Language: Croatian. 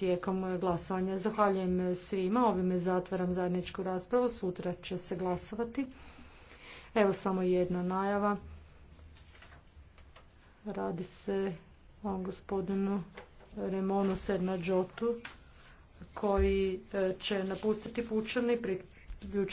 tijekom glasovanja. Zahvaljujem svima, ovime zatvaram zajedničku raspravu, sutra će se glasovati. Evo samo jedna najava. Radi se o gospodinu Remonu Sednađotu koji e, će napustiti pučani priključiti